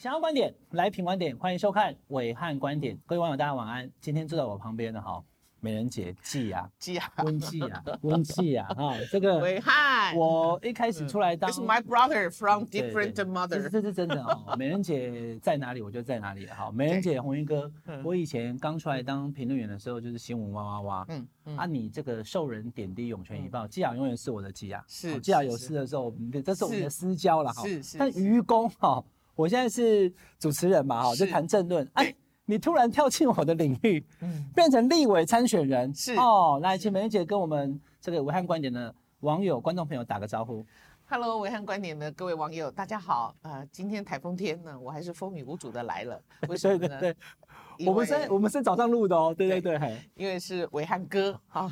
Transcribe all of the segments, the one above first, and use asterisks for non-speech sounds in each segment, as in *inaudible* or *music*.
想要觀點來品觀點，歡迎收看暐瀚觀點。各位網友大家晚安。今天坐在我旁邊的哈，美人姐季亞，季亞溫季亞溫季亞哈，這個暐瀚，我一開始出來當，這是 my brother from different mother，這是真的哦。美人姐在哪裡，我就在哪裡哈。美人姐弘儀哥，我以前剛出來當評論員的時候，就是新聞挖挖哇嗯啊，你這個受人點滴湧泉以報，季亞永遠是我的季亞，是季亞有事的時候，這是我們的私交了哈。是但於公哈。我現在是主持人嘛，哈，就談政論。哎，你突然跳進我的領域，嗯、變成立委參選人，是哦。來，請美人姐跟我們這個暐瀚觀點的網友、觀眾朋友打個招呼。Hello，暐瀚觀點的各位網友，大家好。呃，今天台風天呢，我還是風雨無阻的來了。 *laughs* 為什麼呢？ *laughs* 對對對我們是，我們是早上錄的哦，對對對，因為是暐瀚哥啊，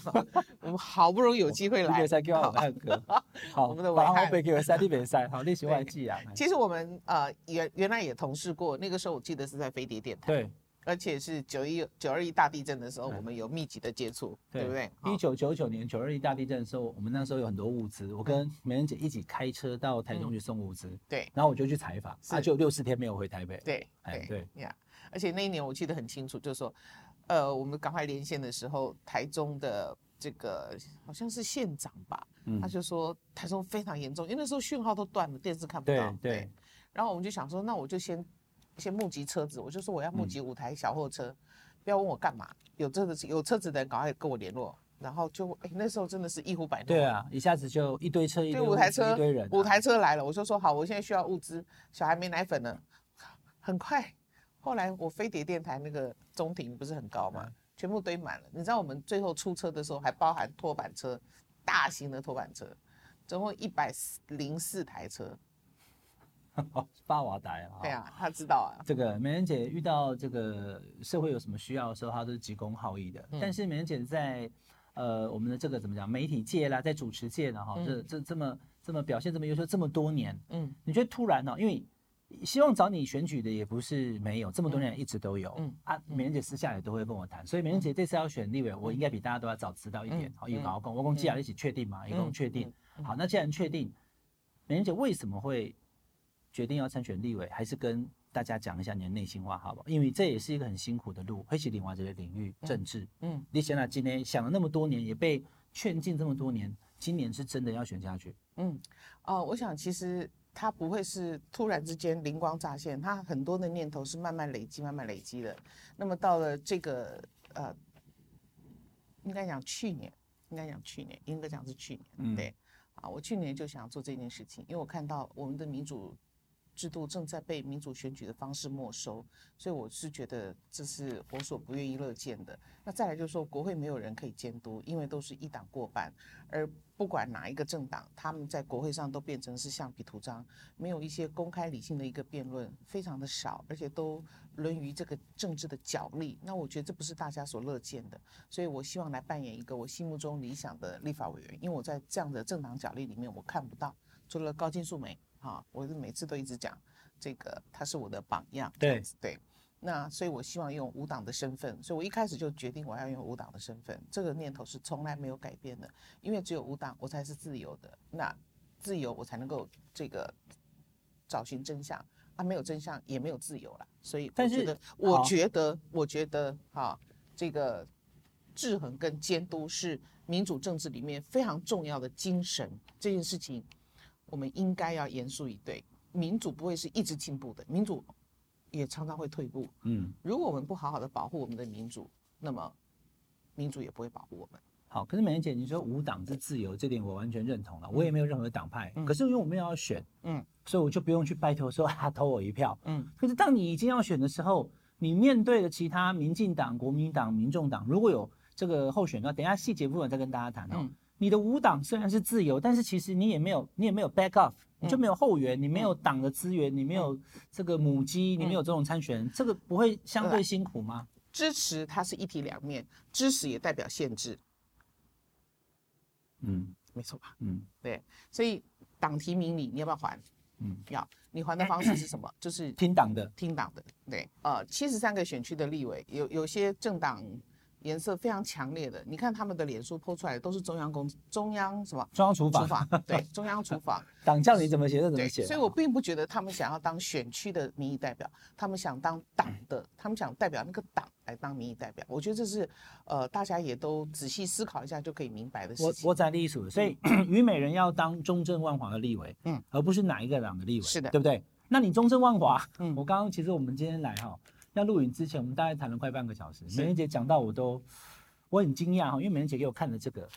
我們好不容易有機會來，才給暐瀚哥。好，我們的暐瀚。台北給我塞，台北賽好歷史外記啊。其實我們呃原原來也同事過，那個時候我記得是在飛碟電台。對，而且是九一九二一大地震的時候，我們有密集的接觸，對不對？一九九九年九二一大地震的時候，我們那時候有很多物資，我跟美人姐一起開車到台中去送物資。對，然後我就去採訪，那就六十天沒有回台北。對，對對呀。而且那一年我記得很清楚，就是說，呃，我們趕快連線的時候，台中的這個好像是縣長吧，嗯、他就說台中非常嚴重，因為那時候訊號都斷了，電視看不到。對，對，對，然後我們就想說，那我就先先募集車子，我就說我要募集五台小貨車，嗯、不要問我幹嘛，有這個有車子的人趕快跟我聯絡。然後就、欸、那時候真的是一呼百應。對啊，一下子就一堆車一堆對，五台車一堆人、啊，五台車來了，我就說好，我現在需要物資，小孩沒奶粉了，很快。後來我飛碟電台那個中庭不是很高嘛？嗯、全部堆滿了。你知道我們最後出車的時候還包含拖板車，大型的拖板車，總共一百零四台車。哦，八娃台啊。對啊、哦，他知道啊。這個美人姐遇到這個社會有什麼需要的時候，她都是急公好義的。嗯、但是美人姐在呃我們的這個怎麼講，媒體界啦，在主持界呢，哈、哦，這這、嗯、這麼這麼表現這麼優秀這麼多年，嗯，你覺得突然呢、哦？因為希望找你選舉的也不是沒有，這麼多年一直都有。嗯啊，美人姐私下也都會跟我談，嗯、所以美人姐這次要選立委，嗯、我應該比大家都要早知道一點。嗯、好，有跟我公，嗯、我公吉雅一起確定嘛，一共確定。嗯嗯、好，那既然確定，美人姐為什麼會決定要參選立委，還是跟大家講一下你的內心話，好不好？因為這也是一個很辛苦的路，會是另外一個領域政治。嗯，嗯你想啊，今天想了那麼多年，也被勸進這麼多年，今年是真的要選下去？嗯，啊、呃，我想其實。他不會是突然之間靈光乍現，他很多的念頭是慢慢累積、慢慢累積的。那麼到了這個呃，應該講去年，應該講去年，應該講是去年，對啊、嗯，我去年就想做這件事情，因為我看到我們的民主制度正在被民主選舉的方式沒收，所以我是覺得這是我所不願意樂見的。那再來就是說，國會沒有人可以監督，因為都是一黨過半，而不管哪一個政黨，他們在國會上都變成是橡皮圖章，沒有一些公開理性的一個辯論，非常的少，而且都淪於這個政治的角力。那我覺得這不是大家所樂見的，所以我希望來扮演一個我心目中理想的立法委員，因為我在這樣的政黨角力裡面，我看不到除了高金素梅。啊、哦！我是每次都一直講，這個他是我的榜樣。對對，那所以我希望用無黨的身份，所以我一開始就決定我要用無黨的身份，這個念頭是從來沒有改變的。因為只有無黨，我才是自由的。那自由，我才能夠這個找尋真相啊！沒有真相，也沒有自由了。所以，但是我覺得、哦、我覺得，我覺得，我覺得，哈，這個制衡跟監督是民主政治裡面非常重要的精神，這件事情。我們應該要嚴肅以對，民主不會是一直進步的，民主也常常會退步。嗯，如果我們不好好的保護我們的民主，那麼民主也不會保護我們。好，可是美人姐，你說無黨之自由，對這點我完全認同了，我也沒有任何黨派。嗯、可是因為我們要選，嗯，所以我就不用去拜托說他、啊、投我一票。嗯，可是當你已經要選的時候，你面對的其他民進黨、國民黨、民眾黨，如果有這個候選的話，等一下細節部分再跟大家談哦。嗯你的無黨雖然是自由，但是其實你也沒有，你也沒有 back off，你就沒有後援，你沒有黨的資源，你沒有這個母雞，嗯嗯、你沒有這種參選人，這個不會相對辛苦嗎？嗯、支持它是一體兩面，支持也代表限制。嗯，沒錯吧？嗯，嗯對，所以黨提名你，你要不要還？嗯，要。你還的方式是什麼？嗯、就是聽黨的，聽黨的。對，呃，七十三個選區的立委，有有些政黨、嗯。顏色非常強烈的，你看他們的臉書 PO 出來都是中央公中央什麼中央廚房，對中央廚房，黨叫你怎麼寫就怎麼寫，啊。所以，我並不覺得他們想要當選區的民意代表，他們想當黨的，嗯，他們想代表那個黨來當民意代表。我覺得這是，呃，大家也都仔細思考一下就可以明白的事情。我，我在立委，所以於對 *coughs* 美人要當中正萬華的立委，嗯，而不是哪一個黨的立委，是的，對不對？那你中正萬華，嗯，我剛剛其實我們今天來哈。在錄影之前，我們大概談了快半個小時。美人是姐講到我都，我很驚訝哈，因為美人姐給我看了這個，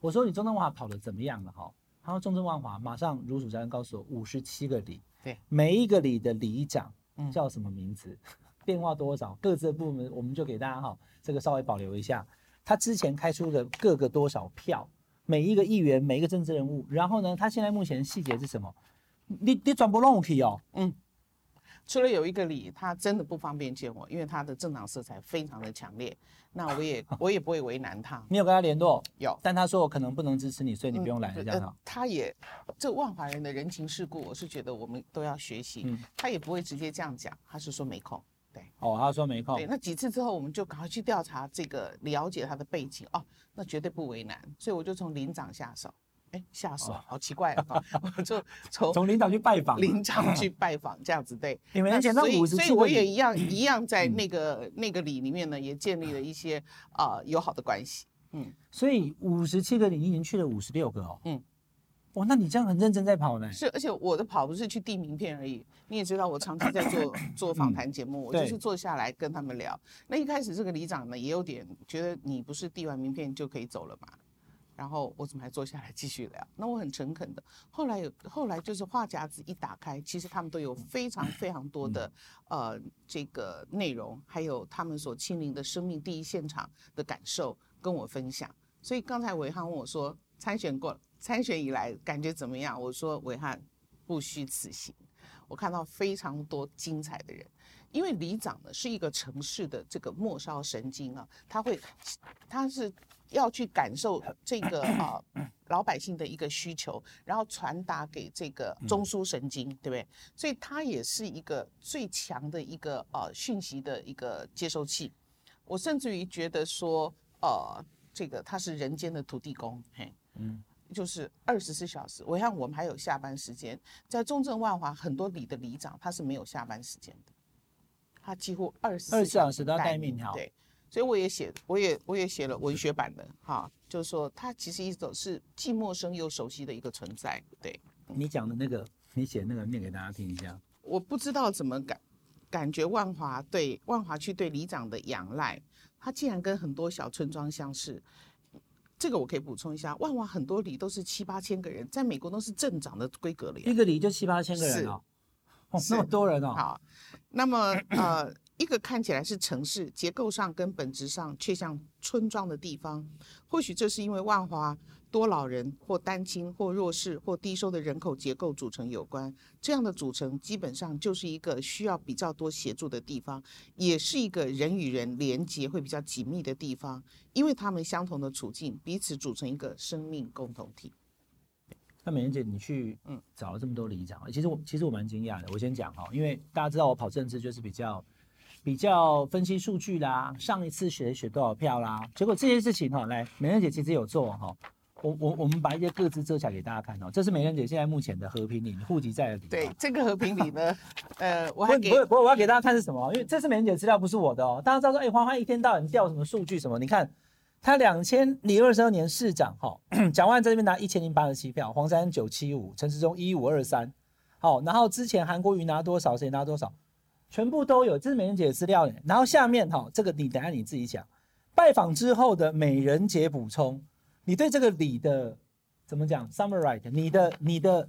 我說你中正萬華跑得怎麼樣了哈？他說中正萬華馬上如數家珍告訴我五十七個里，對，每一個里的里長叫什麼名字，嗯、變化多少，各自的部門我們就給大家哈，這個稍微保留一下。他之前開出的各個多少票，每一個議員，每一個政治人物，然後呢，他現在目前細節是什麼？你你全部弄進去哦，嗯。除了有一個里，他真的不方便見我，因為他的政黨色彩非常的強烈。那我也我也不會為難他， *laughs* 你有跟他聯絡？有，但他說我可能不能支持你，所以你不用來了，這樣。嗯呃、他也，這萬華人的人情世故，我是覺得我們都要學習。嗯、他也不會直接這樣講，他是說沒空。對，哦，他說沒空。對，那幾次之後，我們就趕快去調查這個，了解他的背景。哦，那絕對不為難，所以我就從里長下手。哎，嚇死了，好奇怪，就從從領導去拜訪，里長去拜訪，這樣子對。你們見到五十七個里。所以我也一樣一樣在那個那個里裡面呢，也建立了一些啊友好的關係。嗯，所以五十七個里，已經去了五十六個哦。嗯，哇，那你這樣很認真在跑呢。是，而且我的跑不是去遞名片而已。你也知道，我長期在做做訪談節目，我就是坐下來跟他們聊。那一開始這個里長呢，也有點覺得你不是遞完名片就可以走了嗎？然後我怎麼還坐下來繼續聊？那我很誠懇的。後來有後來就是話匣子一打開，其實他們都有非常非常多的、嗯嗯、呃這個內容，還有他們所親臨的生命第一現場的感受跟我分享。所以剛才暐瀚問我說，參選過參選以來感覺怎麼樣？我說暐瀚不虛此行，我看到非常多精彩的人，因為里長呢是一個城市的這個末梢神經啊，他會他是。要去感受這個啊、呃、 *coughs* 老百姓的一個需求，然後傳達給這個中樞神經，對不對？所以它也是一個最強的一個呃訊息的一個接收器。我甚至於覺得說，呃，這個它是人間的土地公，嘿，嗯，就是二十四小時。我想我們還有下班時間，在中正萬華很多里的里長，他是沒有下班時間的，他幾乎二十四小時都要待命啊，對。對所以我也寫，我也我也寫了文學版的哈、哦，就是說，它其實一種是既陌生又熟悉的一個存在。對你講的那個，嗯、你寫那個念給大家聽一下。我不知道怎麼感感覺萬華對萬華區對里長的仰賴，他竟然跟很多小村莊相似。這個我可以補充一下，萬華很多里都是七八千個人，在美國都是鎮長的規格了。一個里就七八千個人哦，那麼多人哦。好，那麼 *coughs* 呃。一個看起來是城市、結構上跟本質上卻像村莊的地方，或許這是因為萬華多老人、或單親、或弱勢、或低收的人口結構組成有關。這樣的組成基本上就是一個需要比較多協助的地方，也是一個人與人聯結會比較緊密的地方，因為他們相同的處境，彼此組成一個生命共同體。那美人姐，你去嗯找了這麼多里長，嗯、其實我其實我蠻驚訝的。我先講哈、哦，因為大家知道我跑政治就是比較。比較分析數據啦，上一次選選多少票啦？結果這些事情哈，來，美人姐其實有做哈。我我我們把一些個資遮起來給大家看哦。這是美人姐現在目前的和平里戶籍在的對，這個和平里呢， *laughs* 呃，我還給不不，我要給大家看是什麼？因為這是美人姐資料，不是我的哦。大家知道說，哎、欸，瀚瀚一天到晚調什麼數據什麼？你看，她兩千零二十二年市長哈，蔣、哦、萬 *coughs* 在這邊拿一千零八十七票，黃珊九七五，陳時中一五二三。好，然後之前韓國瑜拿多少？誰拿多少？全部都有，這是美人姐的資料，然後下面哈、哦，這個你等一下你自己講。拜訪之後的美人姐補充，你對這個里的怎麼講？Summary，你，你的、你的、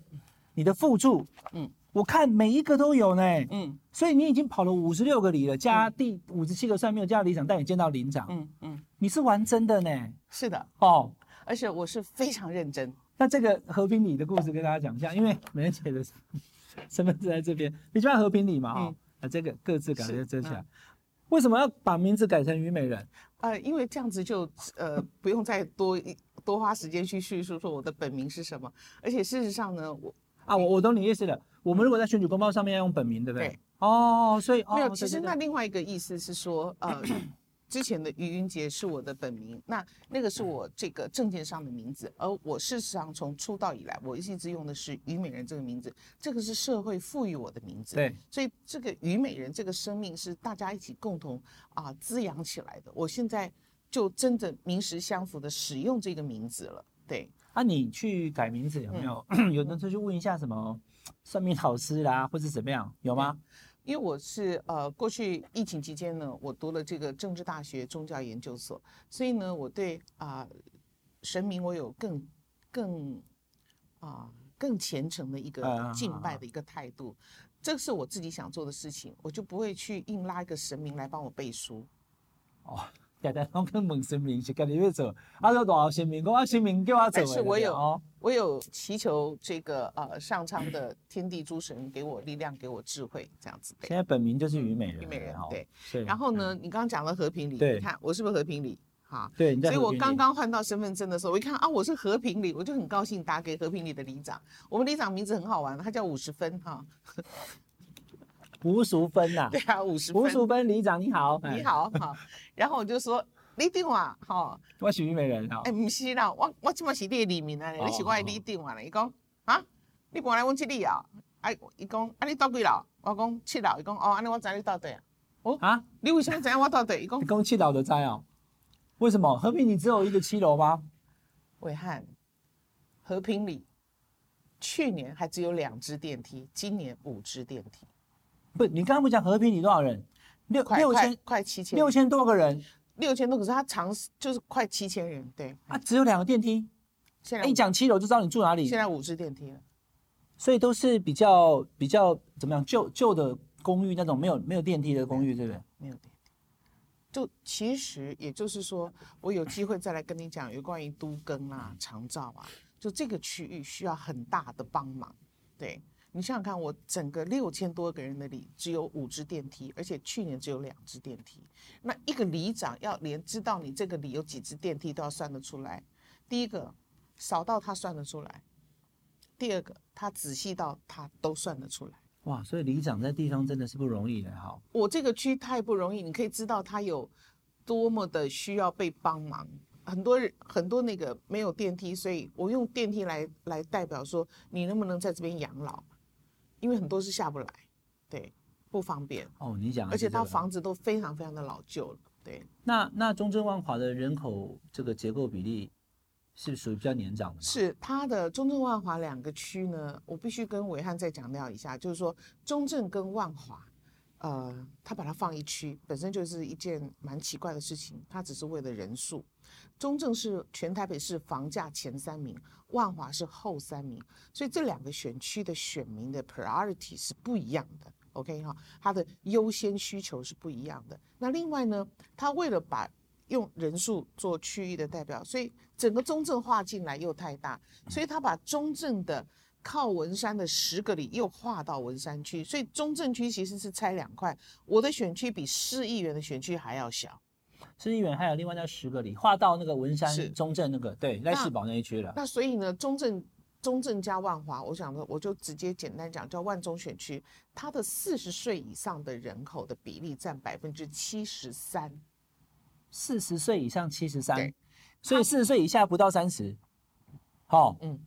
你的附註，嗯，我看每一個都有呢，嗯，所以你已經跑了五十六個里了，加第五十七個雖然沒有加里長，但你見到鄰長，嗯嗯，嗯，你是玩真的呢？是的，哦，而且我是非常認真。那這個和平里的故事跟大家講一下，因為美人姐的身份證在這邊，喜較和平里嘛、哦、哈、嗯。啊，這個各自改了遮起來，嗯、為什麼要把名字改成於美人？呃，因為這樣子就呃不用再多多花時間去敘述說我的本名是什麼。而且事實上呢，我啊，我我都你意思了。嗯、我們如果在選舉公報上面要用本名，對不對？對哦，所以哦，其實那另外一個意思是說，對對對呃。 *coughs* 之前的於雲杰是我的本名，那那個是我這個證件上的名字，而我事實上從出道以來，我一直用的是於美人這個名字，這個是社會賦予我的名字。對，所以這個於美人這個生命是大家一起共同啊、呃、滋養起來的。我現在就真的名實相符的使用這個名字了。對，啊，你去改名字有沒有？嗯、 *coughs* 有的時候就去問一下什麼算命老師啦，或是怎麼樣，有嗎？嗯因為我是呃，過去疫情期間呢，我讀了這個政治大學宗教研究所，所以呢，我對啊、呃、神明我有更更啊、呃、更虔誠的一個敬拜的一個態度，哎、呀，這是我自己想做的事情，嗯、我就不會去硬拉一個神明來幫我背書，哦。代是、啊、但是我有，我有祈求這個呃上蒼的天地諸神給我力量，給我智慧，這樣子的。現在本名就是於美人，於、嗯、美人對。對對然後呢，嗯、你剛剛講了和平里，你看我是不是和平里？哈，對。啊、對所以我剛剛換到身份證的時候，我一看啊，我是和平里，我就很高興打給和平里的里長。我們里長名字很好玩，他叫五十分哈。啊 *laughs* 吳淑芬吶，分啊對啊，吳淑芬里長你好，你好，你好、 *laughs* 哦。然後我就說里長啊，哈、哦，我是於美人，哈、哦，哎、欸，不是啦，我我怎麼是你的裡面嘞，哦、你是我的里長啊。你講啊,啊，你過來我這裡啊，哎，伊講啊，你到幾樓？我講七樓，伊講哦，安尼我載你到底啊，哦啊，你為什麼載我到底？伊講，七樓的載啊。為什麼？和平你只有一個七樓嗎？暐瀚，和平裡去年還只有兩只電梯，今年五只電梯。不，你剛剛不講和平裡多少人？六六千快七千，六千六、快、多個人，六千、嗯、多可是他長就是快七千人，對啊，只有兩個電梯，現在一講七樓就知道你住哪裡。現在五只電梯了，所以都是比較比較怎麼樣舊舊的公寓那種沒有沒有電梯的公寓，對,對不對？沒有電梯，就其實也就是說，我有機會再來跟你講、嗯、有關於都更啊、長照啊，就這個區域需要很大的幫忙，對。你想想看，我整個六千多個人的里，只有五隻電梯，而且去年只有兩隻電梯。那一個里長要連知道你這個里有幾隻電梯都要算得出來，第一個少到他算得出來，第二個他仔細到他都算得出來。哇，所以里長在地方真的是不容易嘞，哈。我這個區太不容易，你可以知道他有多麼的需要被幫忙，很多人很多那個沒有電梯，所以我用電梯來來代表說，你能不能在這邊養老？因為很多是下不來，對，不方便。哦，你講的是、這個，而且它房子都非常非常的老舊了，對。那那中正萬華的人口這個結構比例是，是屬於比較年長的嗎？是它的中正萬華兩個區呢，我必須跟暐瀚再強調一下，就是說中正跟萬華。呃，他把它放一區，本身就是一件蠻奇怪的事情。他只是為了人數，中正是全台北市房價前三名，萬華是後三名，所以這兩個選區的選民的 priority 是不一樣的。OK 哈，他的優先需求是不一樣的。那另外呢，他為了把用人數做區域的代表，所以整個中正劃進來又太大，所以他把中正的。靠文山的十個里又劃到文山區，所以中正區其實是拆兩塊。我的選區比市議員的選區還要小。市議員還有另外那十個里劃到那個文山是中正那個對，那在四寶那一區了。那所以呢，中正中正加萬華，我想說我就直接簡單講，叫萬中選區，它的四十歲以上的人口的比例佔百分之七十三。四十歲以上七十三，所以四十歲以下不到三十他。好、哦，嗯。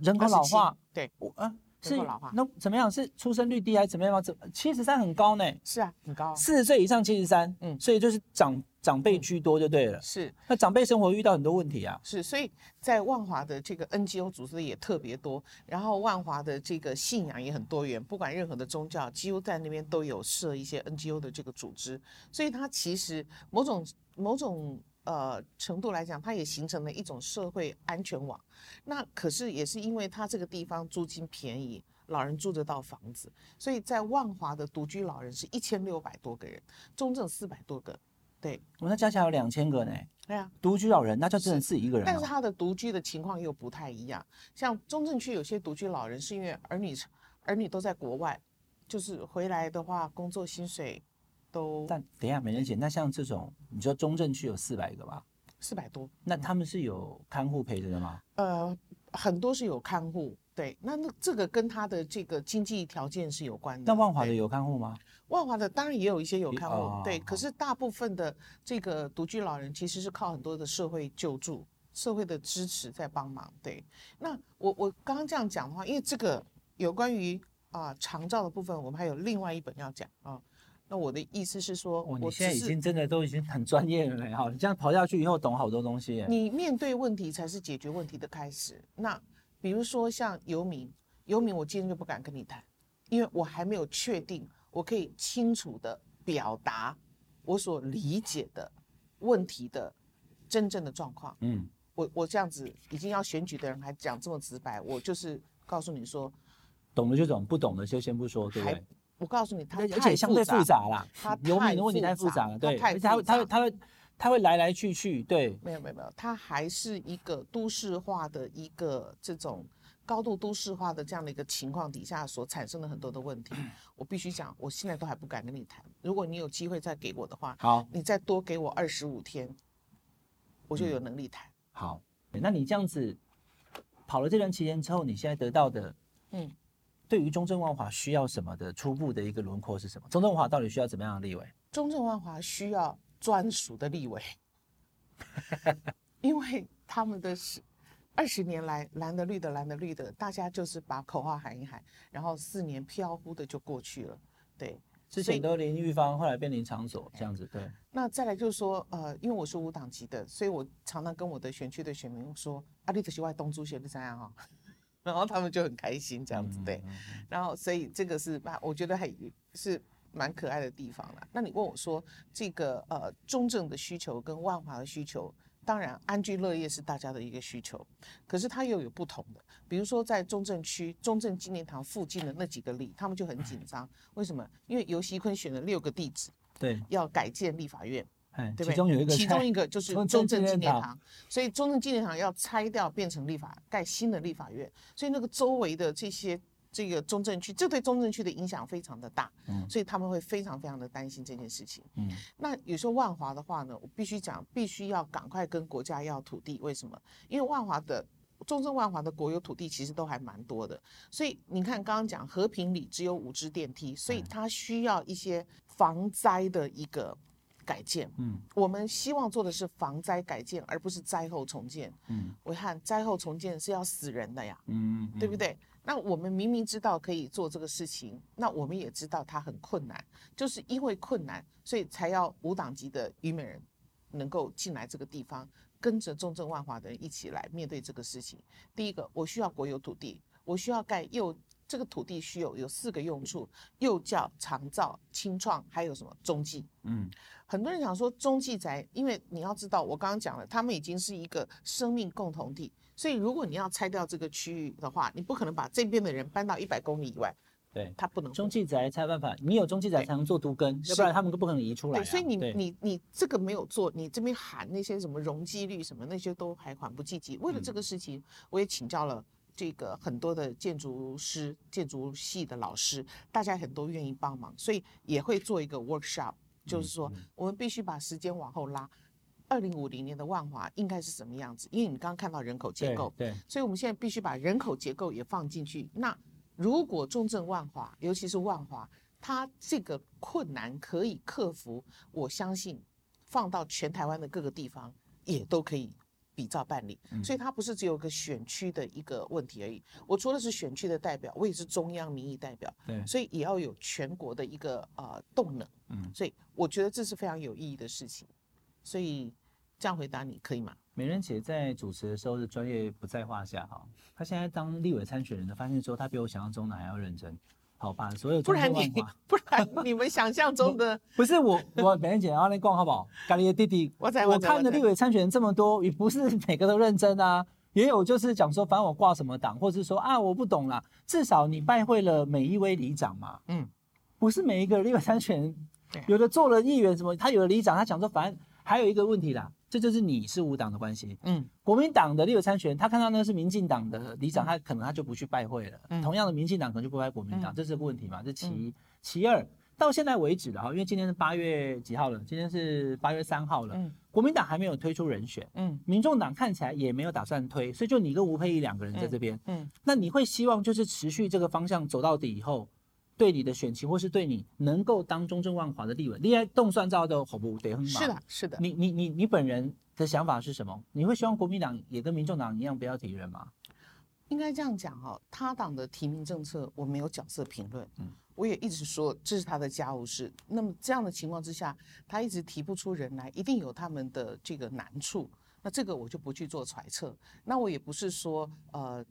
人口老化，27, 對，我、啊、是老化，那怎麼樣？是出生率低還是怎麼樣嗎？怎七十三很高呢？欸？是啊，很高、啊。四十歲以上七十三，嗯，所以就是長長輩居多就對了。嗯、是，那長輩生活遇到很多問題啊。是，所以在萬華的這個 NGO 組織也特別多，然後萬華的這個信仰也很多元，不管任何的宗教，幾乎在那邊都有設一些 NGO 的這個組織。所以它其實某種某種。呃，程度來講，它也形成了一種社會安全網。那可是也是因為它這個地方租金便宜，老人住得到房子，所以在萬華的獨居老人是一千六百多個人，中正四百多個。對，我們、哦、那加起來有兩千個呢。對啊，獨居老人那就只能自己一個人、啊。但是他的獨居的情況又不太一樣，像中正區有些獨居老人是因為兒女兒女都在國外，就是回來的話工作薪水。都但等一下，美人姐，那像這種，你說中正區有四百個吧？四百多。那他們是有看護陪着的嗎、嗯？呃，很多是有看護，對。那那這個跟他的這個經濟條件是有關的。那萬華的有看護嗎？萬華的當然也有一些有看護，欸哦、對。好好好，可是大部分的這個獨居老人其實是靠很多的社會救助、社會的支持在幫忙，對。那我我剛剛這樣講的話，因為這個有關於啊長照的部分，我們還有另外一本要講啊。呃那我的意思是說，我現在已經真的都已經很專業了，哈！你這樣跑下去以後，懂好多東西。你面對問題才是解決問題的開始。那比如說像遊民、遊民，我今天就不敢跟你談，因為我還沒有確定我可以清楚地表達我所理解的問題的真正的狀況。嗯，我我這樣子已經要選舉的人還講這麼直白，我就是告訴你說，懂的就懂，不懂的就先不說，對不對？我告訴你，它複雜而且相對複雜了，它有很多問題太複雜了，雜，對，而且它會它會它會它會來來去去，對，沒有沒有沒有，它還是一個都市化的一個這種高度都市化的這樣的一個情況底下所產生的很多的問題，嗯，我必須講，我現在都還不敢跟你談，如果你有機會再給我的話，好，你再多給我二十五天，我就有能力談。嗯。好，那你這樣子跑了這段期間之後，你現在得到的，嗯。對於中正萬華需要什麼的初步的一個輪廓是什麼？中正萬華到底需要怎麼樣的立委？中正萬華需要專屬的立委， *laughs* 因為他們的是二十年來藍的綠的藍的綠的，大家就是把口號喊一喊，然後四年飄忽的就過去了。對，之前都林郁方，後來變林昶佐這樣子。對，哎，那再來就是說，呃，因為我是無黨籍的，所以我常常跟我的選區的選民說，阿立這喜外東珠寫的怎樣哈？然後他們就很開心，這樣子對，嗯嗯嗯，然後所以這個是吧？我覺得還是蠻可愛的地方了。那你問我說，這個呃，中正的需求跟萬華的需求，當然安居樂業是大家的一個需求，可是它又有不同的。比如說在中正區中正紀念堂附近的那幾個里，他們就很緊張，嗯，為什麼？因為游錫堃選了六個地址，對，要改建立法院。哎，嗯、對不對？其中一個就是中正紀念堂，堂所以中正紀念堂要拆掉，變成立法，蓋新的立法院。所以那個周圍的這些這個中正區，這對中正區的影響非常的大。嗯，所以他們會非常非常的擔心這件事情。嗯，那有時候萬華的話呢，我必須講，必須要趕快跟國家要土地。為什麼？因為萬華的中正萬華的國有土地其實都還蠻多的。所以你看剛剛講和平里只有五支電梯，所以它需要一些防災的一個。嗯改建，嗯，我們希望做的是防災改建，而不是災後重建，嗯，我看災後重建是要死人的呀！嗯，嗯，對不對？那我們明明知道可以做這個事情，那我們也知道它很困難，就是因為困難，所以才要無黨籍的於美人能夠進來這個地方，跟着中正萬華的人一起來面對這個事情。第一個，我需要國有土地，我需要蓋又。這個土地需要有四個用處，幼教、長照、青創，還有什麼中繼？嗯，很多人想說中繼宅，因為你要知道，我剛剛講了，他們已經是一個生命共同體，所以如果你要拆掉這個區域的話，你不可能把這邊的人搬到一百公里以外，對，他不能。中繼宅拆辦法，你有中繼宅才能做都更，對要不然他們都不可能移出來、啊。所以你對你你這個沒有做，你這邊喊那些什麼容積率什麼那些都還緩不濟急。為了這個事情，嗯、我也請教了。這個很多的建築師、建築系的老師，大家很多願意幫忙，所以也會做一個 workshop，就是說我們必須把時間往後拉，二零五零年的萬華應該是什麼樣子？因為你剛剛看到人口結構，對，對，所以我們現在必須把人口結構也放進去。那如果中正萬華，尤其是萬華，它這個困難可以克服，我相信放到全台灣的各個地方也都可以。比照辦理，所以他不是只有個選區的一個問題而已。嗯、我除了是選區的代表，我也是中央民意代表，對，所以也要有全國的一個呃動能。嗯，所以我覺得這是非常有意義的事情。所以這樣回答你可以嗎？美人姐在主持的時候，的專業不在話下哈。他現在當立委參選人，的發現說他比我想象中的還要認真。好吧，所有文文不然你不然你們想象中的 *laughs* 不是我我每天講讓你逛好不好？咖哩的弟弟，我在我，我看的立委參選人這麼多，也不是每個都認真啊，也有就是講說，反正我掛什麼黨，或是說啊，我不懂啦。至少你拜會了每一位里長嘛，嗯，不是每一個立委參選人，有的做了議員什麼，啊、他有的里長，他講說，反正還有一個問題啦。這就是你是無黨的關係，嗯，國民黨的立委參選，他看到那是民進黨的里、嗯、長，他可能他就不去拜會了。嗯、同樣的，民進黨可能就不拜國民黨，嗯、這是個問題嘛？這是其一，嗯、其二，到現在為止了，哈，因為今天是八月幾號了？今天是八月三號了，嗯、國民黨還沒有推出人選，嗯，民眾黨看起來也沒有打算推，所以就你跟吳佩儀兩個人在這邊，嗯，嗯，那你會希望就是持續這個方向走到底以後？對你的選情，或是對你能夠當中正萬華的立委。你愛動算造的好不，對很滿。是的，是的。你你你你本人的想法是什麼？你會希望國民黨也跟民眾黨一樣不要提人嗎？應該這樣講哈、哦，他黨的提名政策我沒有角色評論，嗯，我也一直說這是他的家務事。那麼這樣的情況之下，他一直提不出人來，一定有他們的這個難處。那這個我就不去做揣測。那我也不是說呃。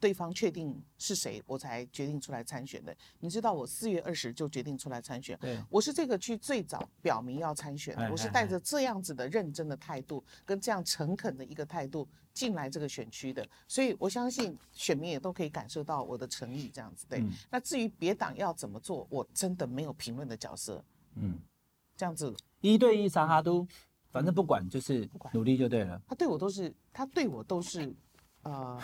對方確定是誰，我才決定出來參選的。你知道，我四月二十就決定出來參選。對，我是這個區最早表明要參選，我是帶着這樣子的認真的態度跟這樣誠懇的一個態度進來這個選區的，所以我相信選民也都可以感受到我的誠意，這樣子對。那至於別黨要怎麼做，我真的沒有評論的角色。嗯，這樣子一對一啥哈都，反正不管就是努力就對了。他對我都是，他對我都是，呃。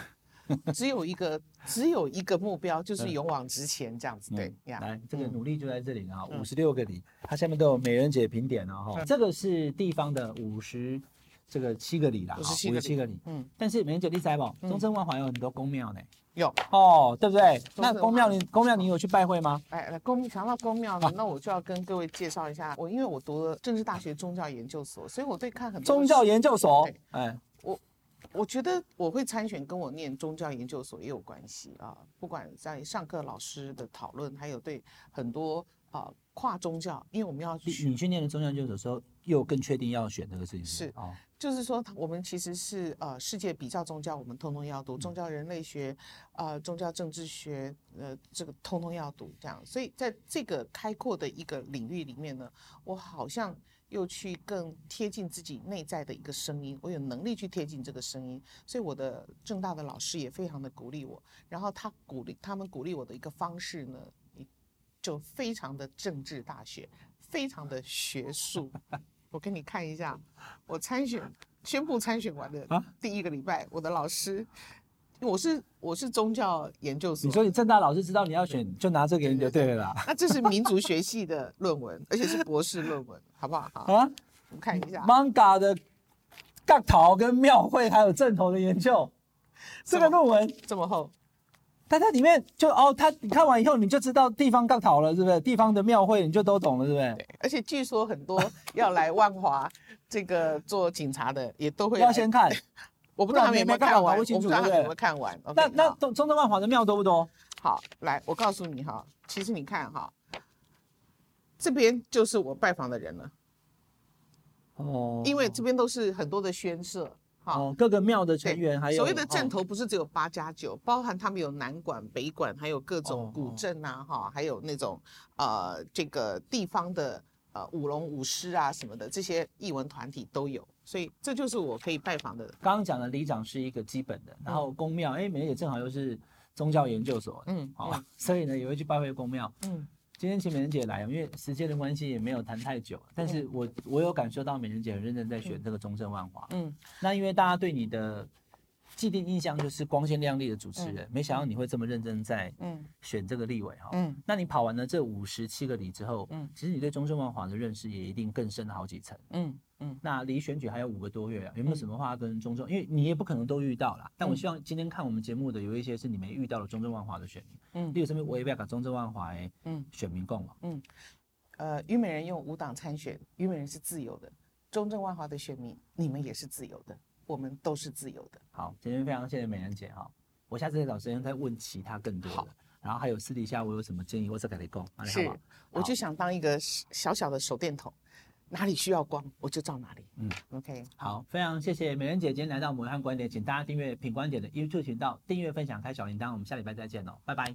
只有一個，只有一個目標，就是勇往直前這樣子。對，來，這個努力就在這裡啊。五十六個里，它下面都有美人姐評點啊。哈，這個是地方的五十，這個七個里啦，五十七個里。嗯，但是美人姐第三哦，中正萬華有很多宮廟呢。有哦，對不對？那宮廟，你宮廟，你有去拜會嗎？哎，宮宮想到宮廟呢，那我就要跟各位介紹一下，我因為我讀了政治大學宗教研究所，所以我對看很多宗教研究所。哎。我覺得我會參選，跟我念宗教研究所也有關係啊、呃，不管在上課老師的討論，還有對很多啊、呃、跨宗教。因為我們要去你去念的宗教研究所的時候，說又更確定要選這個事情是啊，哦、就是說我們其實是呃世界比較宗教，我們通通要讀宗教人類學，呃宗教政治學，呃這個通通要讀這樣。所以在這個開闊的一個領域裡面呢，我好像又去更貼近自己內在的一個聲音，我有能力去貼近這個聲音，所以我的政大的老師也非常的鼓勵我。然後他鼓勵，他們鼓勵我的一個方式呢，就非常的政治大學，非常的學術。 *laughs* 我給你看一下，我參選宣布參選完的第一個禮拜，啊、我的老師，我是我是宗教研究所。你說你政大老師知道你要選，對就拿這個研究對了。那這是民族學系的論文， *laughs* 而且是博士論文。好不好？好啊，我們看一下《Manga》的角頭跟廟會，還有陣頭的研究。麼這個論文這麼厚，但它裡面就哦，它你看完以後你就知道地方角頭了，是不是？地方的廟會你就都懂了，是不是？對。而且據說很多要來萬華這個做警察的也都會要 *laughs* 先看， *laughs* 我不知道他們有沒有看完，我清不知道他們有沒有看完。Okay, 那那中正萬華的廟多不多？好，來，我告訴你哈，其實你看哈。這邊就是我拜訪的人了，哦，因為這邊都是很多的軒社，各個廟的成員，還有所謂的陣頭，不是只有八加九，包含他們有南管、北管還有各種古鎮吶，哈，還有那種呃，這個地方的呃舞龍舞獅啊什麼的，這些藝文團體都有，所以這就是我可以拜訪的。剛剛講的里長是一個基本的，然後宮廟，哎，美人姐正好又是宗教研究所，嗯，好，所以呢也會去拜會宮廟，嗯。今天請美人姐來，因為時間的關係也沒有談太久，但是我我有感受到美人姐很認真在選這個中正萬華、嗯。嗯，那因為大家對你的既定印象就是光鮮亮麗的主持人，嗯、沒想到你會這麼認真在嗯選這個立委哈、嗯。嗯，那你跑完了這五十七個里之後，嗯，其實你對中正萬華的認識也一定更深了好幾層、嗯。嗯。嗯、那離選舉還有五個多月啊，有沒有什麼話跟中正？嗯、因為你也不可能都遇到啦。但我希望今天看我們節目的有一些是你沒遇到的中正萬華的選民，嗯，例如這邊我也不要把中正萬華的嗯選民供了、嗯，嗯，呃，於美人用無黨參選，於美人是自由的，中正萬華的選民你們也是自由的，我們都是自由的。好，今天非常謝謝美人姐哈、嗯哦，我下次再找時間再問其他更多的，好然後還有私底下我有什麼建議，我再跟你講，是，好好我就想當一個小小的手電筒。哪裡需要光，我就照哪裡。嗯，OK，好，非常謝謝美人姐今天來到我們暐瀚觀點，請大家訂閱品觀點的 YouTube 頻道，訂閱、分享、開小鈴鐺，我們下禮拜再見嘍，拜拜。